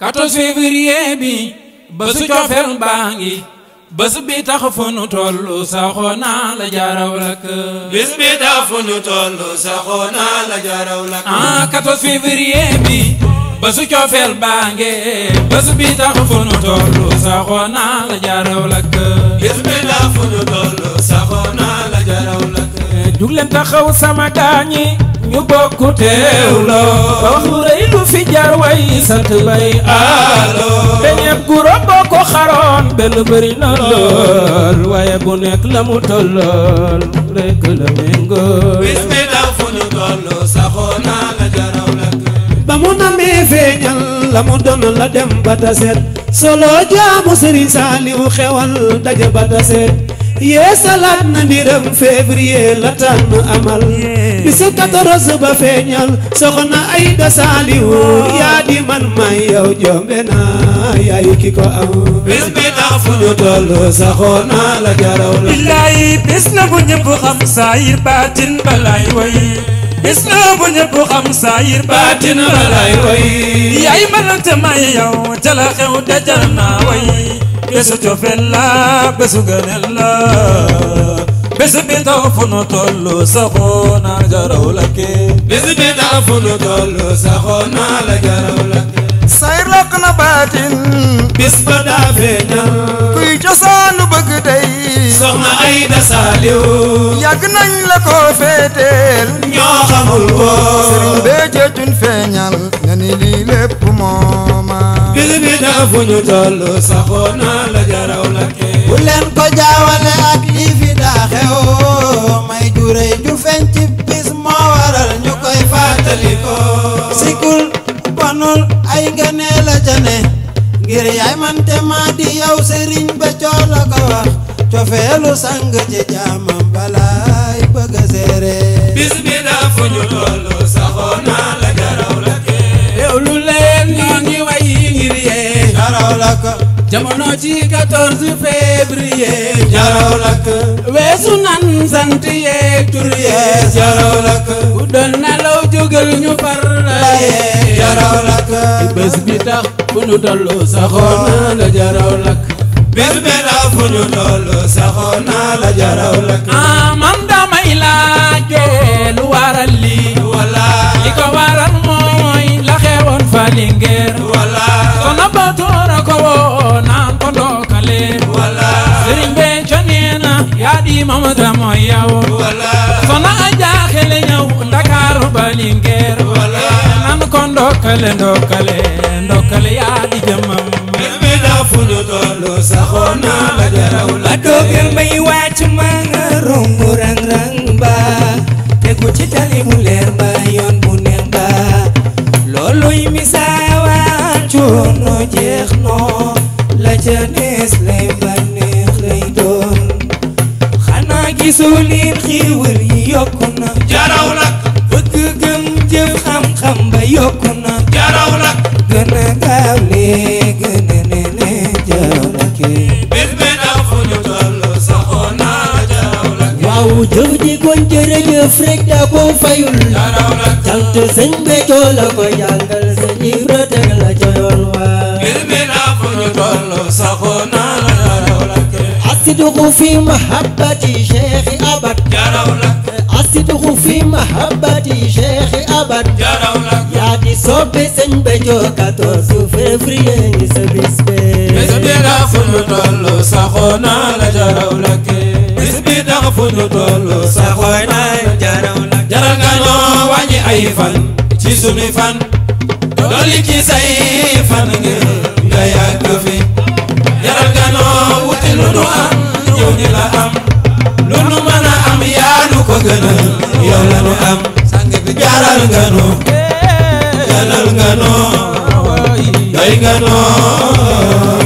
14 février bi bésu coofeel baa bés bi coofeel baa ngi bés bi sama gaañi ñu bokku teewloo sant bay allo beñeeb gu robboo ko xaroon benn bëri na lool waaye bu nekk la mu tollool rekk la méngoo bis mi daw fu ñu tollu saxoo naa la jaraw la ba mu namee feeñal la mu doon la dem ba taseet solo jaamu Sëriñ Saaliw xewal daje ba taseet yee salaat na mbiram février la tànn amal bisu 14 ba feeñal soxna Ayda Saaliw oh. yaa di man may yow jombe naa yaay ki ko am bis bi tax fu ñu toll saxoo naa la jaraw la billaay bis la bu ñëpp xam saayir baatin balaay way bis la bu ñëpp xam saayir baatin balaay way yaay manante may yow jala xew dajar naa way bésu cofeel la bésu gëneel la bésu bi taw fu nu tollu saxoo naa jaraw la kee bésu bi taw fu nu tollu saxoo naa la jaraw la kee say rokk na baatin bis ba daa feeñal kuy cosaanu bëgg tey soxna Ayda Saaliw yàgg nañ la ko féeteel ñoo xamul woon sëriñ bee jëjun feeñal na ni lii lépp moom dëkk bu leen ko jaawale ak lii fi may jurey ju feeñ ci moo waral ñu koy fàttali sikul bonul ay gënee ngir yaay man te di yow sëriñ ba coo ko wax cofeelu sang ci jaamam balaay bëgg a jarawlak jamono ji 14 février jarawlak weesu nan sant yeeg tur yeeg jarawlak ku doon nelaw jógal ñu far la yeeg jarawlak bés bi tax fu saxoon naa la jarawlak bés bi tax fu saxoon naa la jarawlak ah man damay laajee lu waral lii wala li ko waral mooy la xewoon fa yi mamata mooy yow soxna Adja xele ñëw Dakar ba Linguère nan ko ndokkale ndokkale ndokkale yaa di jëmam bi daa fu nu tollu saxoo naa la jaraw la may wàcc ma nga rang rang ba tegu ci tali bu leer ba yoon bu neex ba looluy misaawa coono jeex noo la ca nees lay gisoo leen xéewal yi yokku na jaraw nag bëgg gëm jëm xam-xam ba yokku na jaraw nag gën a gaaw lee gën a ne lee jaraw nag bés benn aw fu ñu toll saxoon naa jaraw nag waaw jëf ji kon jërëjëf rek daa ko fayul jaraw nag sant sëñ Béthio la ko jàng الصدق في محبة شيخ أبد الصدق في محبة شيخ أبد yaa di soppe sëñ ba jokkatoo février ngi sa bis bee. bis bi fu ñu toll saxoo naa la jaraw kee. bis bi fu ñu toll saxoo naa la jaraw la kee. jaral nga ñoo wàññi fan ci sunu fan. dolli ci say fan ngir. nga yow la nu am jaaral nga ganal nga nu doy